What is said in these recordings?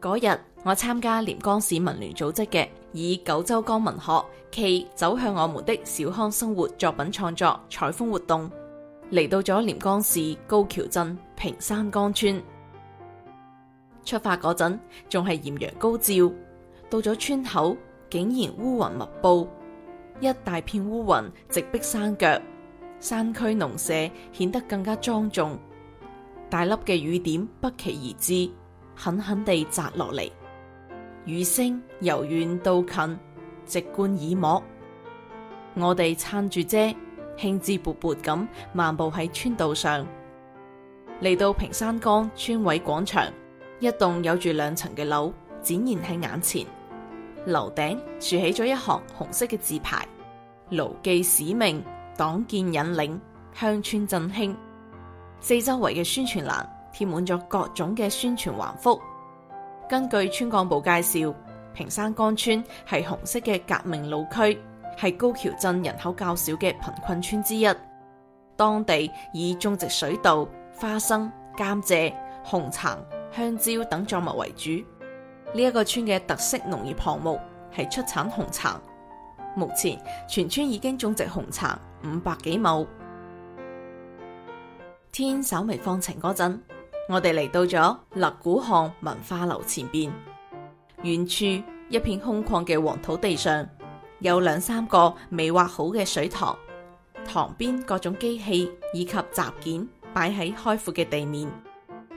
嗰日我參加廉江市文聯組織嘅以九洲江文學暨走向我們的小康生活作品創作採風活動，嚟到咗廉江市高橋鎮平山江村。出發嗰陣仲係艷陽高照，到咗村口竟然烏雲密佈，一大片烏雲直逼山腳，山區農舍顯得更加莊重，大粒嘅雨點不期而至。狠狠地砸落嚟，雨聲由遠到近，直貫耳膜。我哋撐住遮，興致勃勃咁漫步喺村道上。嚟到平山崗村委廣場，一棟有住兩層嘅樓展現喺眼前，樓頂豎起咗一行紅色嘅字牌：牢記使命，黨建引領，鄉村振興。四周圍嘅宣傳欄。貼滿咗各種嘅宣傳橫幅。根據村幹部介紹，平山江村係紅色嘅革命老區，係高橋鎮人口較少嘅貧困村之一。當地以種植水稻、花生、甘蔗、紅茶、香蕉等作物為主。呢一個村嘅特色農業項目係出產紅茶，目前全村已經種植紅茶五百幾畝。天稍微放晴嗰陣，我哋嚟到咗勒古巷文化樓前邊，遠處一片空曠嘅黃土地上，有兩三個未挖好嘅水塘，塘邊各種機器以及雜件擺喺開闊嘅地面，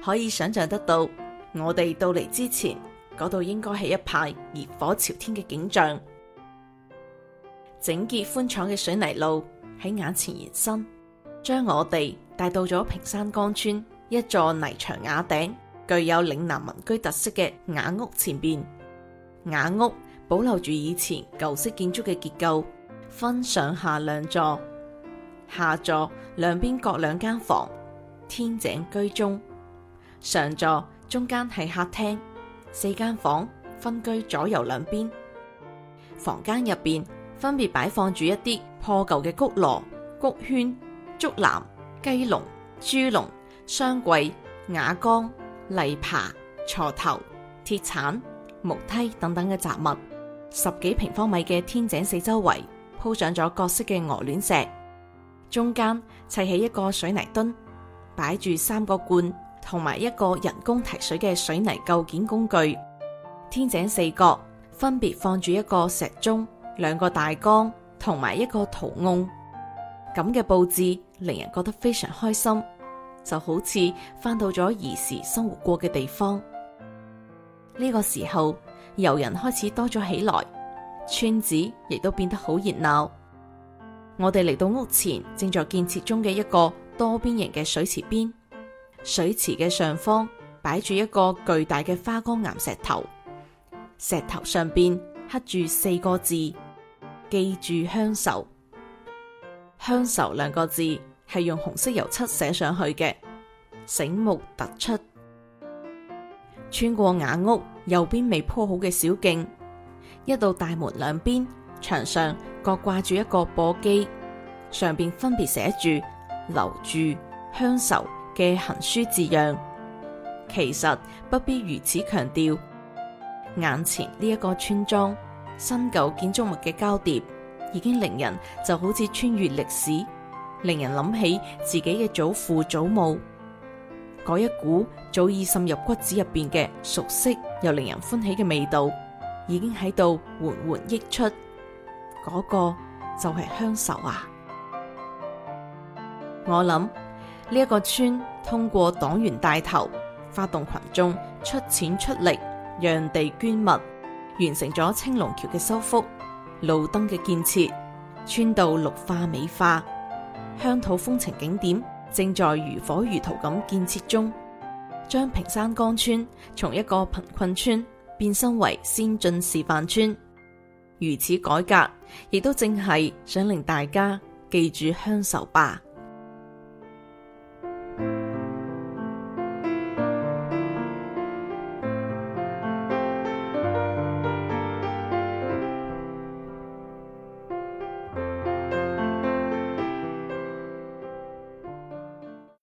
可以想象得到我哋到嚟之前嗰度應該係一派熱火朝天嘅景象。整潔寬敞嘅水泥路喺眼前延伸，將我哋帶到咗平山江村。一座泥牆瓦頂，具有嶺南民居特色嘅瓦屋前邊，瓦屋保留住以前舊式建築嘅結構，分上下兩座，下座兩邊各兩間房，天井居中；上座中間係客廳，四間房分居左右兩邊。房間入邊分別擺放住一啲破舊嘅穀籮、穀圈、竹籃、雞籠、豬籠。雙櫃、瓦缸、泥爬、鋤頭、鐵鏟、木梯等等嘅雜物，十幾平方米嘅天井四周圍鋪上咗各式嘅鵝卵石，中間砌起一個水泥墩，擺住三個罐同埋一個人工提水嘅水泥構件工具。天井四角分別放住一個石鐘、兩個大缸同埋一個陶甕，咁嘅布置令人覺得非常開心。就好似翻到咗兒時生活過嘅地方。呢、這個時候遊人開始多咗起來，村子，亦都變得好熱鬧。我哋嚟到屋前正在建設中嘅一個多邊形嘅水池邊，水池嘅上方擺住一個巨大嘅花崗岩石頭，石頭上邊刻住四個字：記住鄉愁。鄉愁兩個字係用紅色油漆寫上去嘅，醒目突出。穿過瓦屋右邊未鋪好嘅小徑，一道大門兩邊牆上各掛住一個簸箕，上邊分別寫住“留住鄉愁”嘅行書字樣。其實不必如此強調，眼前呢一個村莊新舊建築物嘅交疊，已經令人就好似穿越歷史。令人諗起自己嘅祖父祖母，嗰一股早已滲入骨子入邊嘅熟悉又令人歡喜嘅味道，已經喺度緩緩溢出。嗰個就係鄉愁啊！我諗呢一個村通過黨員帶頭，發動群眾出錢出力，讓地捐物，完成咗青龍橋嘅修復、路燈嘅建設、村道綠化美化。鄉土風情景點正在如火如荼咁建設中，將平山江村從一個貧困村變身為先進示範村。如此改革，亦都正係想令大家記住鄉愁吧。